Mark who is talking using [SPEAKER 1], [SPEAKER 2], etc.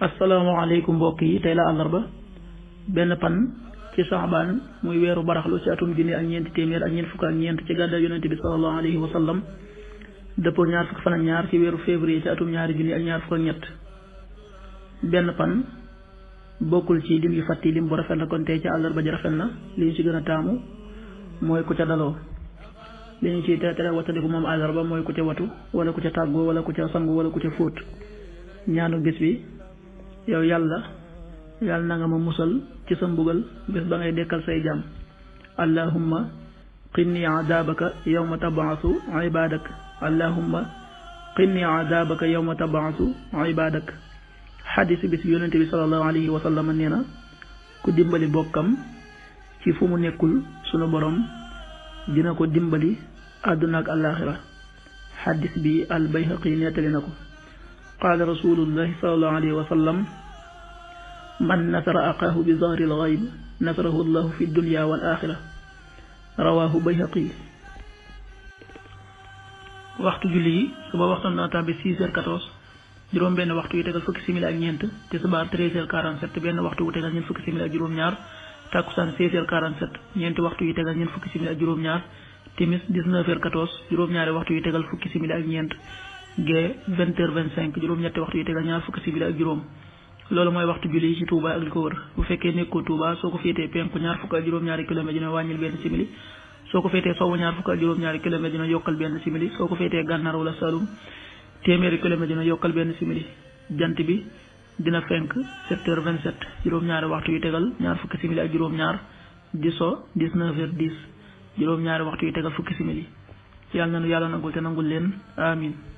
[SPEAKER 1] asalaamaaleykum mbokk yi tey la àllarba benn pan ci saxbaan muy weeru baraxlu ci atum junni ak ñeenti téeméer ak ñeent fukk ak ñeent ci gàddaay yonente bi salallahu alayhi wa sallam dëppoo ñaar fukk ak ñaar ci weeru février ci atum ñaari ñaar fukk ak ñett benn pan bokkul ci lim yu fàtti lim bu rafet la kon tey ci àllarba ji rafet na li ñu ci gën a taamu mooy ku ca daloo li ñu ci tere wattandiku moom àllarba mooy ku ca watu wala ku ca tàggoo wala ku ca sangu wala ku ca fóot ñaanu gis bi yow yàlla yàlla na nga ma musal ci sa mbugal bés ba ngay dekkal say jàmm allahumma qinni yow yawma tabaasu ibadak allahumma qinni yow yawma tabaasu ibadak xadis bi si yonente bi salallahu alayhi wa sallam nee na ku dimbali bokkam ci mu nekkul sunu borom dina ko dimbali àdduna ak àllaaxira xadis bi al bayhaqi nettali na ko qaala rasulullahi salallahu alayhi wa sallam man nasara aqaahu bi zahri alxayb nasarahu allahu fi dunya wal axira rawahu bayhaqi waxtu julli yi suba waxtoon dana tàbbi 6 heures 14 juróom benn waxtu yu tegal fukki simili ak ñeent tisbaar 13 heures 47 benn waxtu wu tegal ñeent fukki simili ak juróom-ñaar takkusaan 16 heures 47 ñeenti waxtu yu tegal ñeent fukki simili ak juróom-ñaar timis 19 heures juróom-ñaari waxtu yu tegal fukki simili ak ñeent gee vingt heures vingt cinq juróom-ñetti waxtu yu tegal ñaar fukki simili ak juróom loolu mooy waxtu julli ci Touba ak ko wër bu fekkee nekkoo Touba soo ko féetee penku ñaar fukk ak juróom-ñaari kilomètres dina wàññil ko féetee sowu ñaar fukk ak yokkal benn simili soo jant bi dina fenk sept heures vingt sept ñaari waxtu yu tegal ñaar fukki simili ak juróom-ñaar di so dix neuf heures dix ñaari waxtu yu tegal fukki simili yàlla na nu yàlla nangul te nangul leen amin